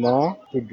moo tudd